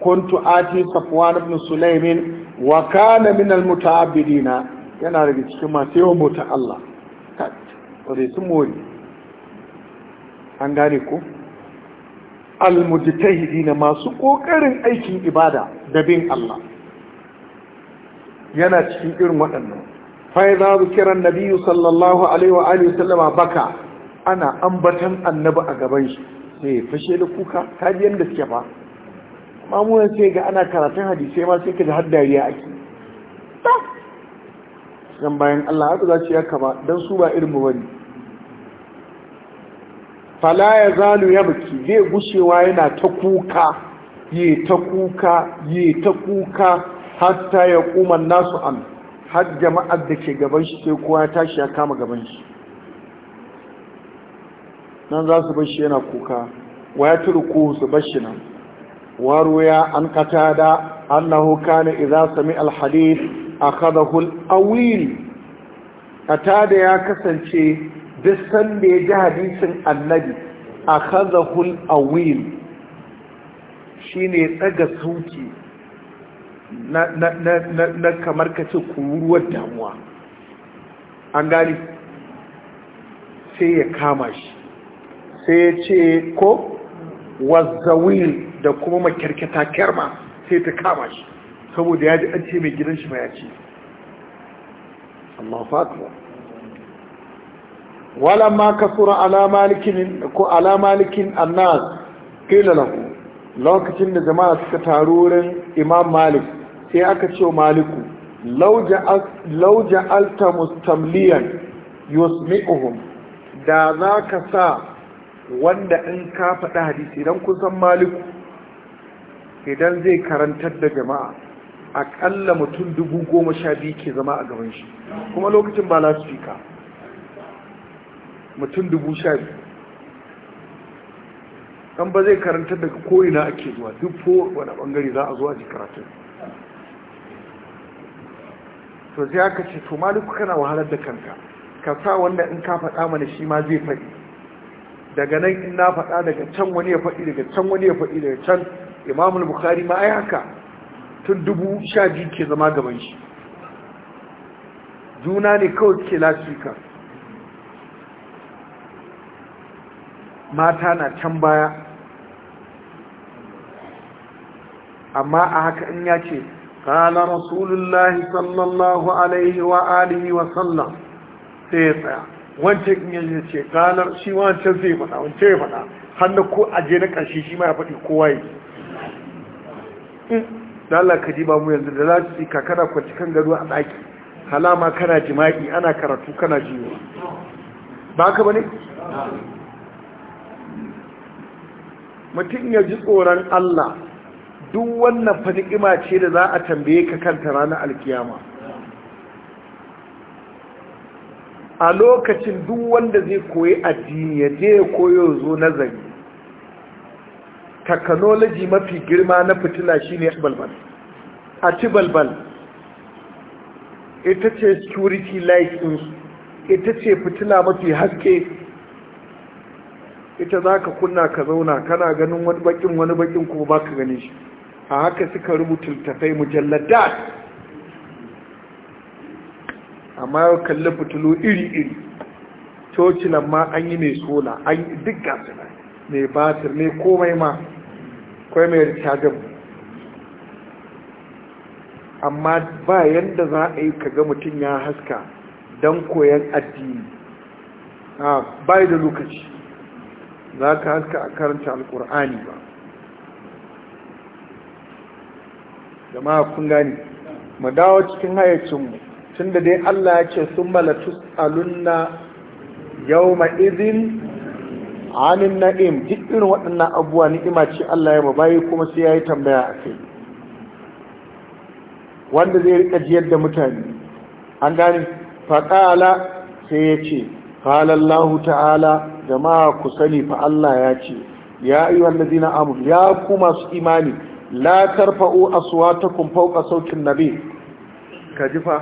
kuntu ati safwan ibn sulaymin wa kana min al muta'abbidina yana daga cikin masu yawan mota Allah wadai sun mori an gane ku ko almujtahidina masu kokarin aikin ibada da bin Allah yana cikin irin waɗannan فإذا ذكر النبي صلى الله عليه وآله وسلم بكى أنا أنبتن النبأ قبيش sai fashe da kuka kariyar da ما ba mamunan sai ana karatun hadisai ma sai ka da haddariya ake Dan bayan Allah haka za ce ya kama don su ba irin bane fala ya zalu ya baki zai gushewa yana ta kuka yi ta kuka yi ta kuka hatta ya kuma nasu an har jama'ar da ke gaban shi sai kowa ya tashi ya kama gaban shi nan za su bashi yana kuka wa ya turu kuhu su bashi nan ya an kata da annahu kana idza sami alhadith akhadahu alawil kata da ya kasance duk da ya ji hadisin annabi akhadahu alawil shine tsaga suki na kamar ka ce kuruwar damuwa an gani sai ya kama shi sai ya ce ko wazzawil da kuma makyarkata kyarma sai ta kama shi saboda ya ji an ce mai gidan shi ma ya ce amma fatuwa wala ma ka ala alamalikin ko ala annan annas kila lahu lokacin da jama'a suka taru wurin imam malik sai aka ce wa maliku lauja alta mustamliyan yusmi'uhum da za ka sa wanda in ka faɗi hadisi don kusan maliku idan zai karantar da jama'a aƙalla mutum dubu goma sha biyu ke zama a gaban shi kuma lokacin ba lasfika mutum dubu sha biyu ɗan ba zai karantar daga ko'ina ake zuwa duk ko wani ɓangare za a zo a ji karatun to zai aka ce to maliku kana wahalar da kanka ka sa wanda in ka faɗa mana shi ma zai faɗi daga nan in na faɗa daga can wani ya faɗi daga can wani ya faɗi daga can imamul bukhari ma ai haka tun dubu sha biyu ke zama gaban shi juna ne kawai ke lasika mata na can baya amma a haka in ya ce قال رسول الله صلى الله عليه وآله وسلم سيطع wancan ya ce kanar shi wancan zai fada wancan ya fada har ko aje na karshe shi ma ya faɗi kowa yi da Allah ka ji ba mu yanzu da za su yi kakana kwanci kan gado a ɗaki halama kana jima'i ana karatu kana jiwa ba ka ba ne? mutum ya ji tsoron Allah duk wannan fa ce da za a tambaye ka kanta ranar alkiyama a lokacin duk wanda zai koyi addini ya je ya koyo zo nazari Takanoloji mafi girma na fitila shine balbal a ci balbal ita ce security light in ita ce fitila mafi haske ita za ka kunna ka zauna kana ganin wani bakin wani bakin kuma ba ka gane shi a haka suka rubuta littafai mujalladat amma yau kalli fitilu iri-iri cocinan ma an yi mai sola an yi duk gasu mai batir mai komai ma kwai mai rikadin amma ba yadda za a yi kaga mutum ya haska don koyon addini ah, ba da lokaci za ka haska a karanta alkur'ani ba jama'a kun gani mu dawo cikin hayyacinmu tun da dai Allah ya ce sun malatu alunna yau izin anin na'im duk irin waɗannan abubuwa ni'ima ce Allah ya bayi kuma sai yayi tambaya a kai wanda zai rika jiyar da mutane an gani faƙala sai ya ce falallahu ta'ala jama'a ku sani fa Allah ya ce ya ayyuhallazina amanu ya ku masu imani la tarfa'u aswatakum fawqa sautin nabi ka ji fa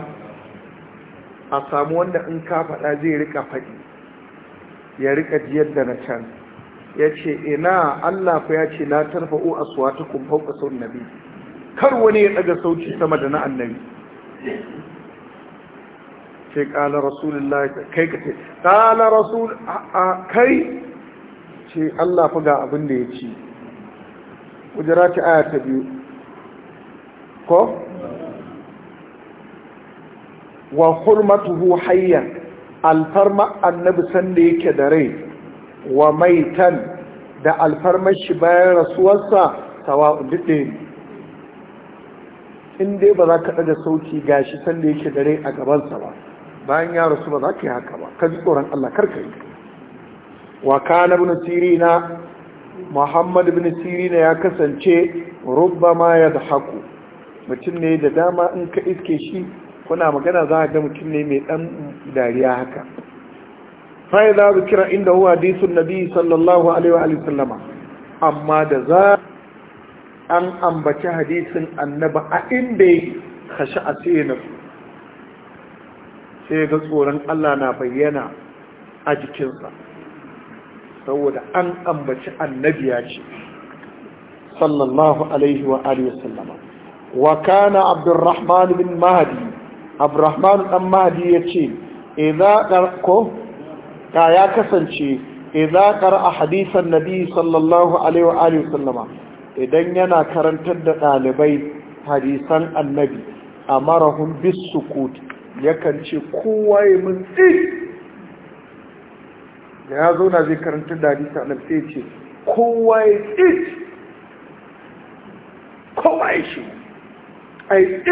a samu wanda in ka faɗa zai rika faɗi ya rika jiyar da na can ya ce ina Allah ku ya ce la tarfa'u aswatakum fawqa sautin nabi kar wani ya daga sauti sama da na annabi sai kala rasulullah kai ka ce kala rasul kai ce Allah fa ga abin da ya ci ta aya ta biyu ko wa hurmatuhu hayyan alfarma annabi sanda yake da rai wa maitan da alfarmar shi bayan rasuwarsa sawa'un duk ne in dai ba za ka ɗaga sauki gashi sanda yake da rai a gabansa ba bayan ya rasu ba za ka yi haka ba ka ji tsoron Allah karka yi wa kana sirina muhammad bin sirina ya kasance rubbama ya da haku mutum ne da dama in ka iske shi kuna magana za a ga mutum ne mai dan dariya haka sai za a kira inda huwa hadisun nabi sallallahu alaihi wa sallama amma da za an ambaci hadisin annaba a inda ya kashi a sai ga tsoron Allah na bayyana a jikinsa saboda an ambaci annabiya ce sallallahu alaihi wa alihi wasallama wa kana abdurrahman bin mahdi abdurrahman dan mahdi yace idza qarqo ka ya kasance idza qara hadisan nabi sallallahu alaihi wa alihi wasallama idan yana karantar da dalibai hadisan annabi amarahum bis sukut yakan ce kowa ya mun tsit da ya zauna zai karanta da hadisa na sai ce kowa ya it kowa ya shi a yi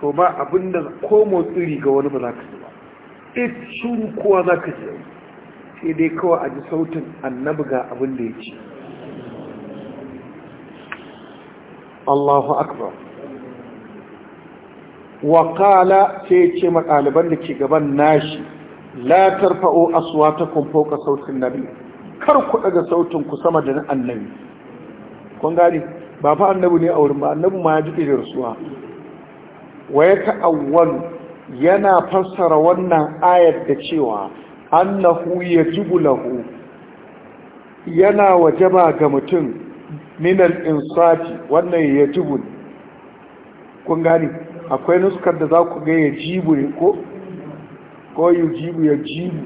to ba abinda ko motsi riga wani ba za ka ji ba it shuru kowa za ka ji sai dai kawai a ji sautin annabi ga abinda ya ce Allahu akbar wa kala sai ce ɗaliban da ke gaban nashi la tarfa'u aswatakum fawqa sautin nabi kar ku daga sautin ku sama da annabi kun gani ba fa annabi ne a wurin ba annabi ma ya jike da rasuwa wa yata'awwalu yana fassara wannan ayat da cewa annahu yajibu lahu yana wajaba ga mutum minal insati wannan yajibu kun gani akwai nuskar da za ku ga yajibu ne ko ko jibu ya jibu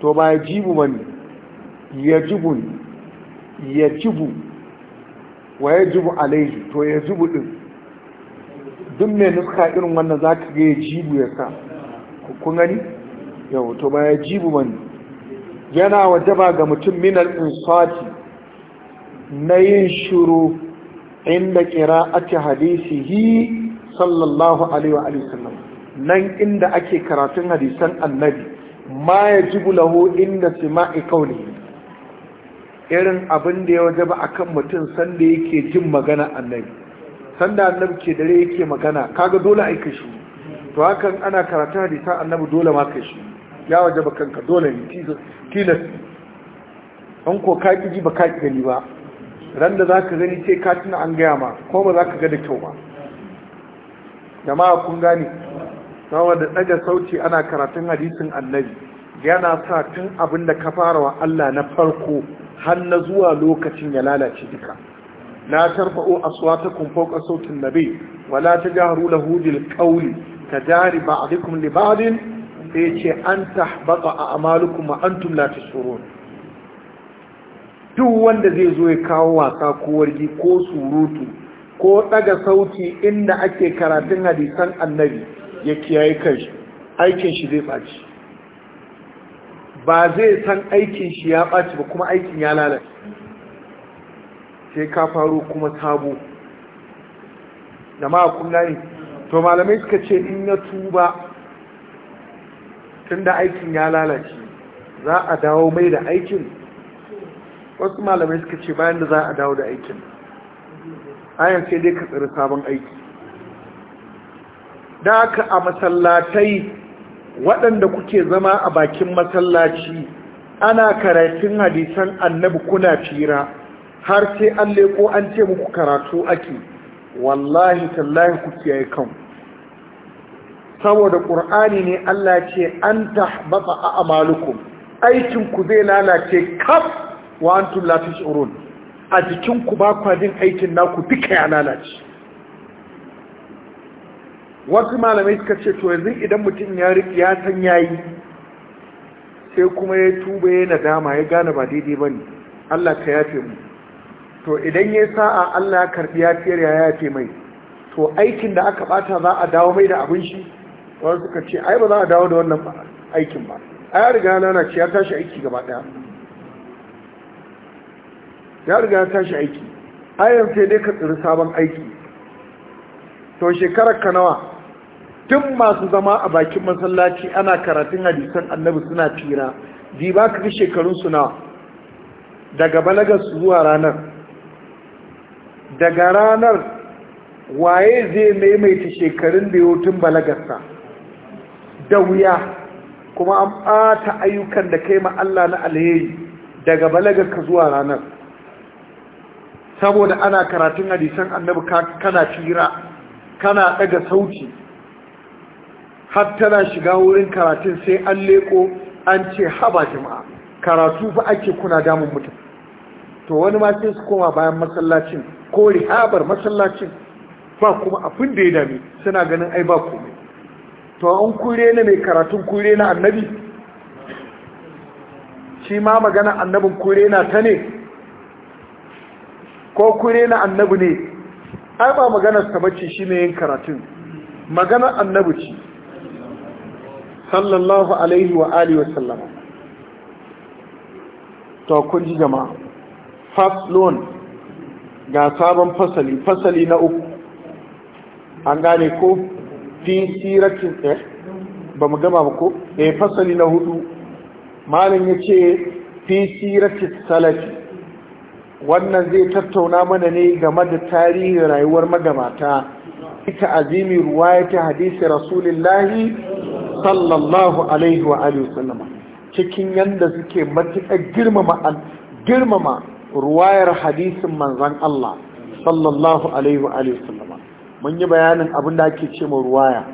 to ba ya jibu ba ne ya jibu ya jibu wa ya jibu alaihi to ya jibu din duk mai nuska irin wannan za ka ga ya jibu ya sa kun gani yau to ba ya jibu ba ne yana ba ga mutum minar insati na yin shuru inda kira ake hi sallallahu alaihi wa sallam nan inda ake karatun hadisan annabi ma ya jibu lahu inda sima'i kauli irin abin da ya waje a akan mutum sanda yake jin magana annabi sanda annabi ke dare yake magana kaga dole ai kashi to hakan ana karatun hadisan annabi dole ma kashi ya waje ba kanka dole ne tilas an ko ka ji ba ka gani ba ran da zaka gani sai ka an gaya ma ko ba zaka ga da kyau ba jama'a kun gane da daga sauci ana karatun hadisin annabi yana sa tun abin da ka fara wa Allah na farko har na zuwa lokacin ya lalace duka la tarfa'u aswatakum fawqa sawti sautin nabi wa la tajharu lahu bil qawli tajari ba'dukum li ba'din sai ce an tahbata a'malukum antum la tashurun duk wanda zai zo ya kawo wasa ko wargi ko surutu ko daga sauti inda ake karatun hadisan annabi ya kiyaye kai aikin shi zai ɓaci ba zai san aikin shi ya ɓaci ba kuma aikin ya lalace sai ka faru kuma sabo da ma kunna ne to malamai suka ce in ya tuba tun da aikin ya lalace za a dawo mai da aikin wasu malamai suka ce bayan da za a dawo da aikin ayyance dai ka tsari sabon aiki da aka a masallatai waɗanda kuke zama a bakin masallaci ana karatun hadisan annabi kuna fira har sai an leko an ce muku karatu ake wallahi tallahi ku kiyaye kan saboda ƙur'ani ne Allah ce an tahbata a amalukum aikin ku zai lalace kaf wa antum la a jikinku ba kwajin aikin naku duka ya lalace wasu malamai suka ce to yanzu idan mutum ya riƙe ya san yayi sai kuma ya tuba ya nadama ya gane ba daidai ba ne allah ka yafe mu to idan ya sa'a allah ya karɓi ya fiyar ya yafe mai to aikin da aka bata za a dawo mai da abin shi wani suka ce ai ba za a dawo da wannan aikin ba a ya riga ce, ya tashi aiki gaba ɗaya ya riga ya tashi aiki ayan sai dai ka tsiri sabon aiki to shekarar ka nawa tun masu zama a bakin masallaci ana karatun hadisan annabi suna tira di ba ka shekarun suna daga balagar su zuwa ranar daga ranar waye zai maimaita shekarun da yau tun balagarsa da wuya kuma an ɓata ayyukan da kai ma Allah na alheri daga ka zuwa ranar saboda ana karatun hadisan annabi kana tira kana daga sauti har tana shiga wurin karatun sai an leko an ce haba jama'a karatu fa ake kuna damun mutum to wani ma sai su koma bayan masallacin ko rihabar masallacin ba kuma abin da ya dame suna ganin ai ba komai to an kure na mai karatun kure na annabi shi ma magana annabin kure na ta ne ko kure na annabi ne ai ba maganar ta bace shi ne yin karatun maganar annabi ce sallallahu alaihi wa alihi wa to kun ji jama'a faslon ga sabon fasali fasali na uku an gane ko fi siratin eh ba mu gama ba ko e fasali na hudu malam ce fi siratin salafi wannan zai tattauna mana ne game da tarihin rayuwar magamata ita azimi ruwaya ta hadisi rasulullahi sallallahu alaihi wa alihi sallama cikin yanda suke matuƙa girmama girmama ruwayar hadisin manzon Allah sallallahu alaihi wa alihi sallama mun yi bayanin abin da ake ce ruwaya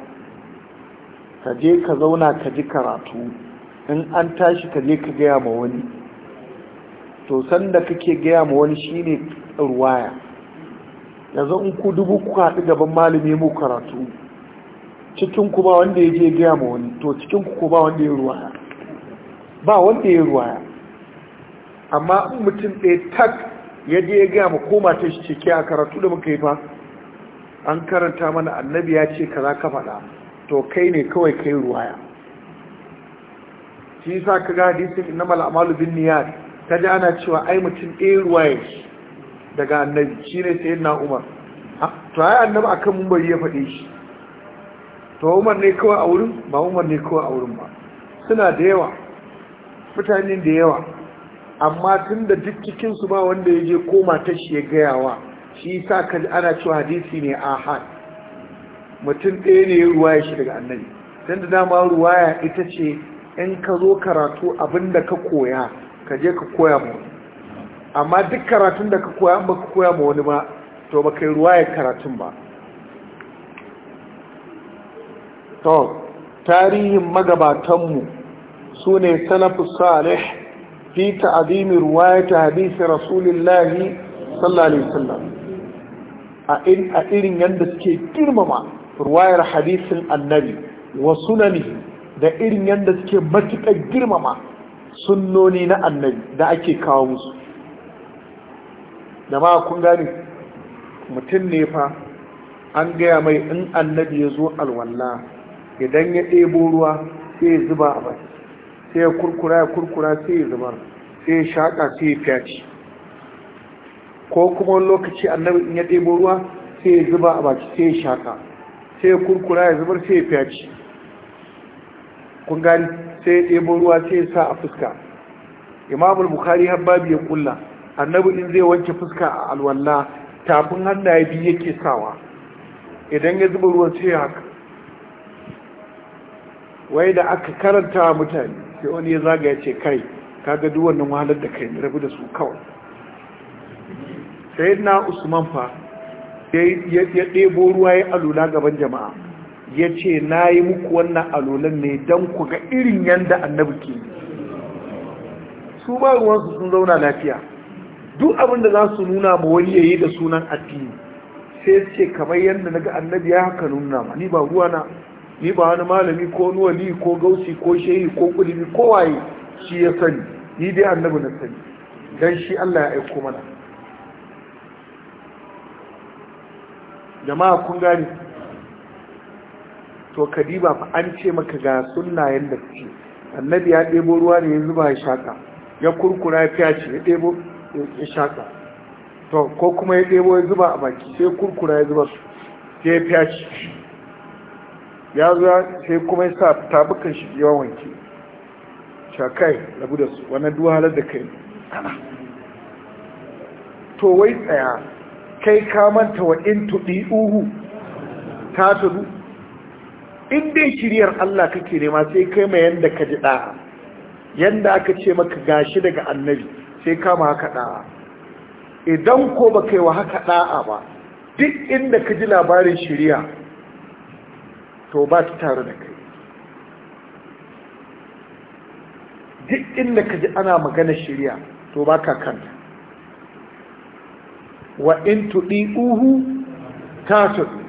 ka je ka zauna ka ji karatu in an tashi ka je ka gaya ma wani to sanda kake gaya ma wani shine ruwaya yanzu in ku dubu ku haɗu gaban malami mu karatu cikin ku ba wanda ya je gaya ma wani to cikin ku ko ba wanda ya ruwaya ba wanda ya ruwaya amma in mutum ɗaya tak ya je ya gaya ma koma ta shi cike a karatu da muka yi fa an karanta mana annabi ya ce kaza ka faɗa to kai ne kawai kai ruwaya shi sa ka ga hadisin innamal a'malu binniyat ta ji ana cewa ai mutum ɗaya ruwaya daga annabi shine sayyidina Umar ah, to ai annabi akan mun bari ya faɗe shi to umar ne kawai a wurin ba umar ne kawai a wurin ba suna da yawa mutane da yawa amma tun da duk cikinsu ba wanda ya je koma ta shi ya gayawa shi sa ka ana cewa hadisi ne a ahad mutum ɗaya ne ya ruwaya shi daga annabi tun da dama ruwaya ita ce in ka zo karatu abin da ka koya ka je ka koya ma wani amma duk karatun da ka koya ba ka koya ma wani ba to ba kai ruwaya karatun ba to tarihin magabatanmu su ne salafus salih fi ta'zimi ta hadisi rasulillahi sallallahu alaihi wasallam a irin yadda suke girmama ruwayar hadisin annabi wa sunani da irin yadda suke matuƙar girmama sunnoni na annabi da ake kawo musu da ma kun gani mutum ne fa an gaya mai in annabi ya zo alwallah idan ya ɗebo ruwa sai ya zuba a baki sai ya kurkura ya kurkura sai ya zubar sai ya shaƙa sai ya fyaci ko kuma lokaci annabi in ya ɗebo ruwa sai ya zuba a baki sai ya shaƙa sai ya kurkura ya zubar sai ya fyaci kun gani sai ya ɗebo ruwa sai ya sa a fuska imamul bukari har ya kulla annabi in zai wanke fuska a alwallah tafin hannaye biyu yake sawa idan ya zuba ruwan sai ya haka wai da aka karanta wa mutane sai wani ya zaga ya ce kai kaga duk wannan wahalar da kai rabu da su kawai sai na usman fa ya ɗebo ruwa ya alula gaban jama'a ya ce na yi muku wannan alulan ne don ku ga irin yadda annabi ke su ba ruwansu sun zauna lafiya duk abin da za su nuna ma wani ya yi da sunan addini sai ce kamar yadda na ga annabi ya haka nuna ma ni ba ruwana ni ba wani malami ko nuwali ko gausi ko shehi ko kulimi ko waye shi ya sani ni dai annabi na sani dan shi Allah ya aiko mana jama'a kun gane to kadiba fa an ce maka ga sunnayen da ce annabi ya ɗebo ruwa ne ya zuba ya shaka ya kurkura ya fiyace ya ɗebo ya shaka to ko kuma ya ɗebo ya zuba a baki sai kurkura ya zuba sai ya fiyace ya zo sai kuma ya sa tabukan shi yawan wanke shakai rabu da su Wani duhalar da kai to wai tsaya kai ka manta wa in tuɗi uhu ta tudu in dai shiriyar Allah kake nema sai kai mai yadda ka ji ɗa'a yadda aka ce maka gashi daga annabi sai kama haka ɗa'a idan ko ba kai wa haka ɗa'a ba duk inda ka ji labarin shiriya to ba ta tare da kai duk inda ka ji ana magana shirya to ba ka kanta wa in tuɗi uhu ta tuɗi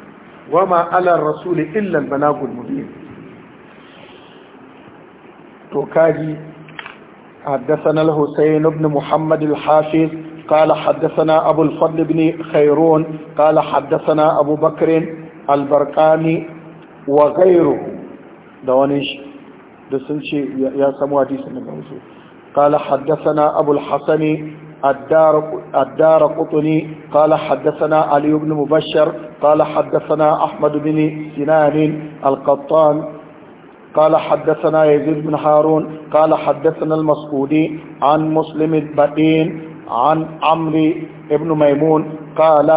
wa ma'alar rasuli illan balagul mubin to kaji حدثنا الحسين بن محمد الحافظ قال حدثنا أبو الفضل بن خيرون قال حدثنا أبو بكر البرقاني وغيره دوانيش دسنشي يا سمو حديث قال حدثنا أبو الحسن الدار قطني قال حدثنا علي بن مبشر قال حدثنا أحمد بن سنان القطان قال حدثنا يزيد بن هارون قال حدثنا المسعودي عن مسلم البدين عن عمري بن ميمون قال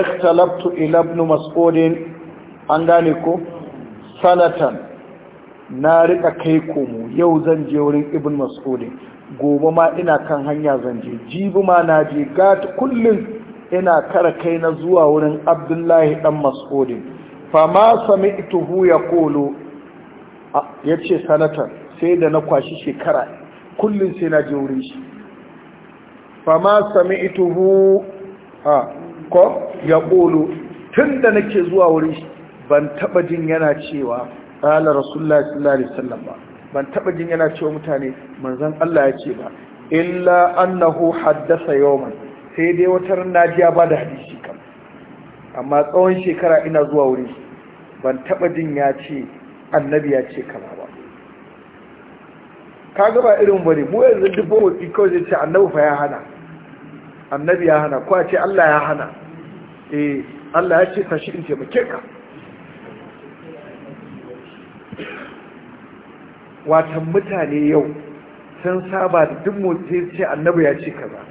اختلفت إلى ابن مسعود عن sanatan na rika kai komo yau zan je wurin ibn mas'udin gobe ma ina kan hanya zan je jibi ma na je ga kullum ina kara kai na zuwa wurin abdullahi dan mas'udin fama ma ituhu ya kolo ya ce sai da na kwashi shekara kullum sai na je wurin shi fama sami ituhu ha ko ya tunda tun da nake zuwa wurin shi ban taba jin yana cewa qala rasulullah sallallahu alaihi wasallam ba ban taba jin yana cewa mutane manzon Allah ya ce ba illa annahu haddasa yawman sai dai wata ji ba da hadisi kam amma tsawon shekara ina zuwa wuri, ban taba jin ya ce annabi ya ce kama ba ka gaba irin bane mu yanzu duk bawa kawai zai ce annabi fa ya hana annabi ya hana ko a ce Allah ya hana eh Allah ya ce tashi in taimake ka watan mutane yau sun saba da duk motsi ce annabi ya ce kaza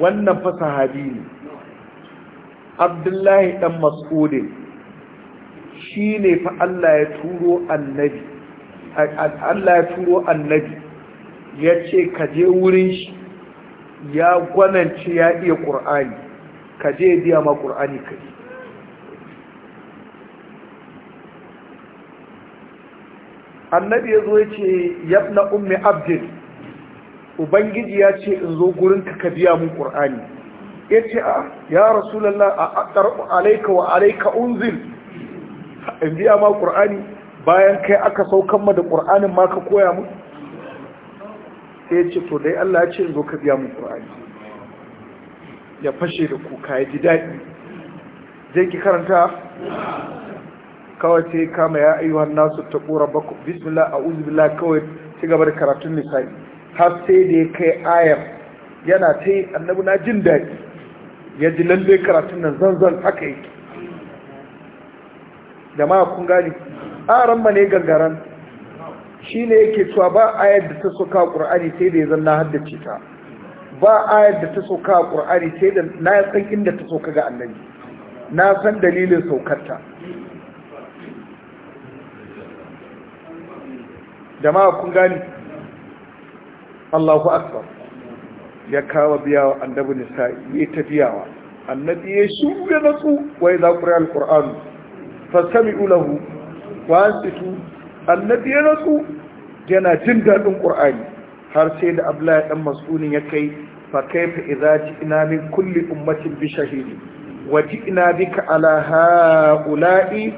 wannan fa sahabi ne abdullahi dan mas'udin shi ne fa Allah ya turo annabi Allah ya turo annabi ya ce ka je wurin shi ya gwanance ya iya ƙur'ani ka je biya ma ƙur'ani ka annabi ya zo ya ce yabna ummi abdin ubangiji ya ce in zo gurin ka biya mun ƙur'ani ya ce a ah, ya rasulallah a aqrabu alaika wa alaika unzil in biya ma ƙur'ani bayan kai aka saukan ma da ƙur'anin ma ka koya mu sai ce to dai Allah ya ce in zo ka biya mun ƙur'ani ya fashe da kuka ya ji daɗi zai ki karanta kawai sai kama ya ayyuhan nasu taqu rabbakum bismillah a'udhu billahi kawai ci gaba da karatun nisa'i har sai da ya kai ayar yana ta yi annabi na jin daɗi ya ji lalle karatun nan zanzan haka yake jama'a kun gani aran ma ne gangaran shi ne yake cewa ba ayar da ta soka ƙur'ani sai da ya zanna haddace ta ba ayar da ta soka ƙur'ani sai da na san inda ta soka ga annabi na san dalilin saukarta jama'a kun gani Allahu akbar ya kawo biyawa annabi nisa yi tafiyawa annabi ya ya wai za ku rayar ƙur'anu fasami ulahu wasitu annabi ya natsu yana jin daɗin ƙur'ani har sai da abdullahi ɗan mas'ulin ya kai fa kaifa idza ina min kulli ummatin bi shahidi wa ji'na bika ala ha'ula'i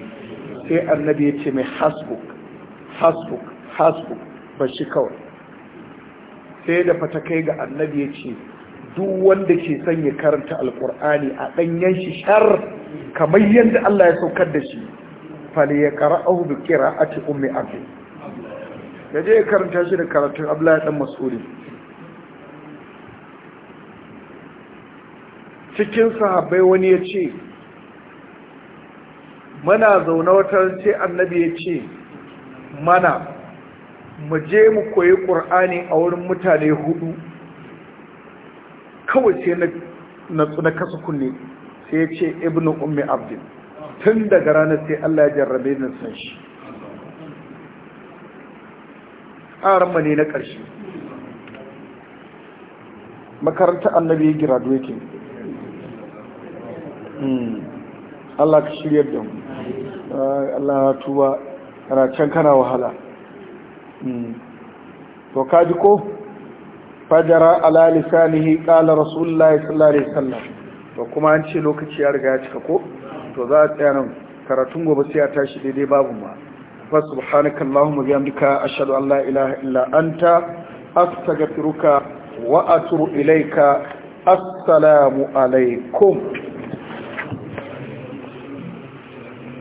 sai annabi ya ce mai hasbuk hasbuk hasu ba shi kawai sai da fata kai ga annabi ya ce duk wanda ke son ya karanta alkur'ani a ɗanyen shi shar kamar yadda Allah ya saukar da shi fali ya ƙara'ahu da kira a ci umme abu ya je ya karanta shi da karatun abla ya ɗan masuri cikin sahabbai wani ya ce mana zaune wata ce annabi ya ce mana mu je mu koyi ƙur'ani a wurin mutane hudu kawai sai na na kasa kunne sai ya ce ibn ummi abdin tun daga ranar sai Allah ya jarrabe ni san shi aran ne na ƙarshe makaranta annabi ya graduating hmm. Allah ka shirya da mu Allah ya tuba kana can kana wahala Hmm. to ji ko fajara ala lisanihi qala rasulullahi sallallahu alaihi wasallam to kuma an ce lokaci ya riga ya cika ko to za a tsaya nan karatun gobe sai a tashi daidai babu ma fa subhanaka allahumma bihamdika ashhadu an la ilaha illa anta astaghfiruka wa atubu ilaika assalamu alaikum